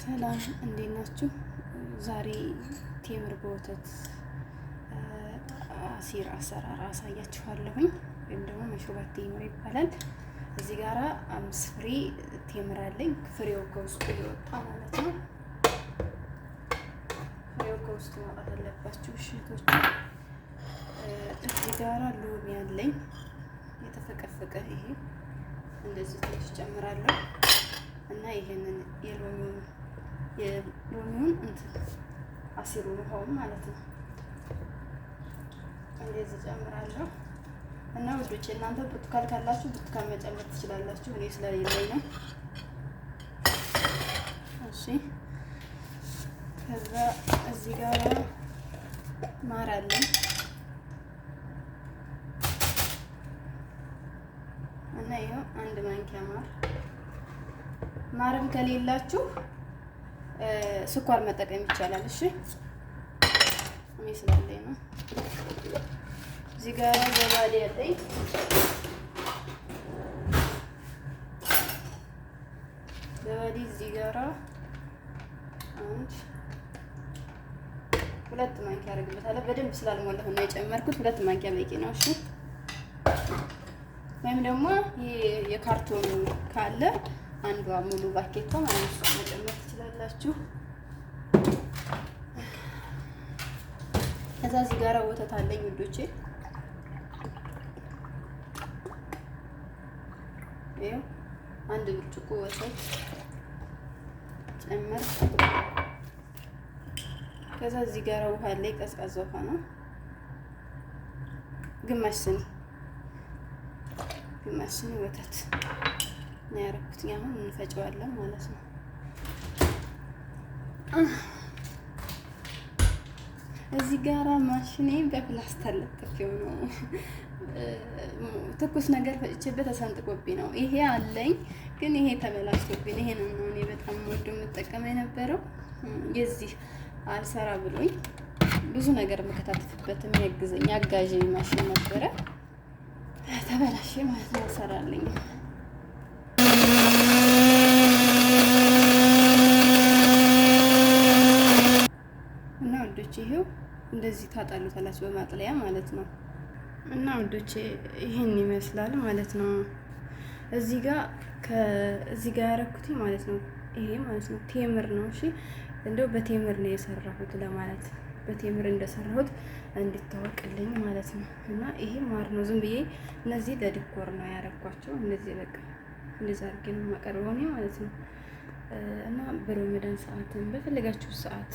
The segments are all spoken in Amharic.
ሰላም እንዴት ናችሁ? ዛሬ ቴምር በወተት አሲር አሰራር አሳያችኋለሁኝ ወይም ደግሞ መሽሩባት ቴምር ይባላል። እዚህ ጋራ አምስት ፍሬ ቴምር አለኝ። ፍሬው ከውስጡ ሊወጣ ማለት ነው። ፍሬው ከውስጡ ማውጣት አለባችሁ ሽቶች። እዚህ ጋራ ሎሚ አለኝ የተፈቀፈቀ ይሄ እንደዚህ ትንሽ ጨምራለሁ እና ይሄንን የሎሚውን የሎሚውን እንትን አሲሩ ውሃውን ማለት ነው። እንደዚህ ጨምራለሁ እና ውዶቼ እናንተ ብርቱካን ካላችሁ ብርቱካን መጨመር ትችላላችሁ። እኔ ስለሌለኝ ነው። እሺ፣ ከዛ እዚህ ጋር ማር አለን እና ይኸው አንድ ማንኪያ ማር ማርም ከሌላችሁ ስኳር መጠቀም ይቻላል። እሺ እኔ ስላለኝ ነው። እዚህ ጋር ዘባዴ ያለኝ ዘባዴ እዚህ ጋራ አንድ ሁለት ማንኪያ አደርግበታለሁ። በደንብ ስላልሞላሁ ነው የጨመርኩት ሁለት ማንኪያ በቂ ነው። እሺ ወይም ደግሞ ይሄ የካርቶኑ ካለ አንዷ ሙሉ ባኬቷ ማለት ነው መጨመር ትችላላችሁ። ከዛ እዚህ ጋር ወተት አለኝ ውዶቼ፣ ይኸው አንድ ብርጭቆ ወተት ጨምር። ከዛ እዚህ ጋር ውሃ አለኝ፣ ቀዝቃዛ ውሃ ነው። ግማሽ ስኒ ግማሽ ስኒ ወተት ነው ያደረኩት። አሁን እንፈጨዋለን ማለት ነው። እዚህ ጋራ ማሽኔ በፕላስተር ለጥፌው ነው ትኩስ ነገር ፈጭቼበት ተሰንጥቆብኝ ነው። ይሄ አለኝ ግን ይሄ ተበላሽቶብኝ፣ ይሄን ነው እኔ በጣም ወዶ የምጠቀመው የነበረው የዚህ አልሰራ ብሎኝ ብዙ ነገር የምከታተፍበት የሚያግዘኝ አጋዥ ማሽን ነበረ። ተበላሽ ማለት ነው አልሰራልኝም። እንደዚህ ታጣሉታላችሁ በማጥለያ ማለት ነው። እና ውዶቼ ይህን ይመስላል ማለት ነው። እዚህ ጋር ከዚህ ጋር ያረኩት ማለት ነው። ይሄ ማለት ነው ቴምር ነው። እሺ እንደው በቴምር ነው የሰራሁት ለማለት በቴምር እንደሰራሁት እንድታወቅልኝ ማለት ነው። እና ይሄ ማር ነው። ዝም ብዬ እነዚህ ለዲኮር ነው ያረኳቸው። እንደዚህ በቃ እንደዛ አድርጌ ነው የማቀርበው እኔ ማለት ነው። እና በረመዳን ሰዓትን በፈለጋችሁ ሰዓት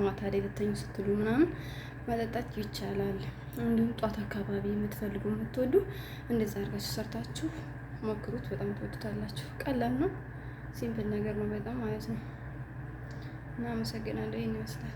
ማታ ላይ ልተኙ ስትሉ ምናምን መጠጣት ይቻላል። እንዲሁም ጧት አካባቢ የምትፈልጉ የምትወዱ እንደዛ አድርጋችሁ ሰርታችሁ ሞክሩት። በጣም ትወዱታላችሁ። ቀላል ነው፣ ሲምፕል ነገር ነው በጣም ማለት ነው እና አመሰግናለሁ። ይህን ይመስላል።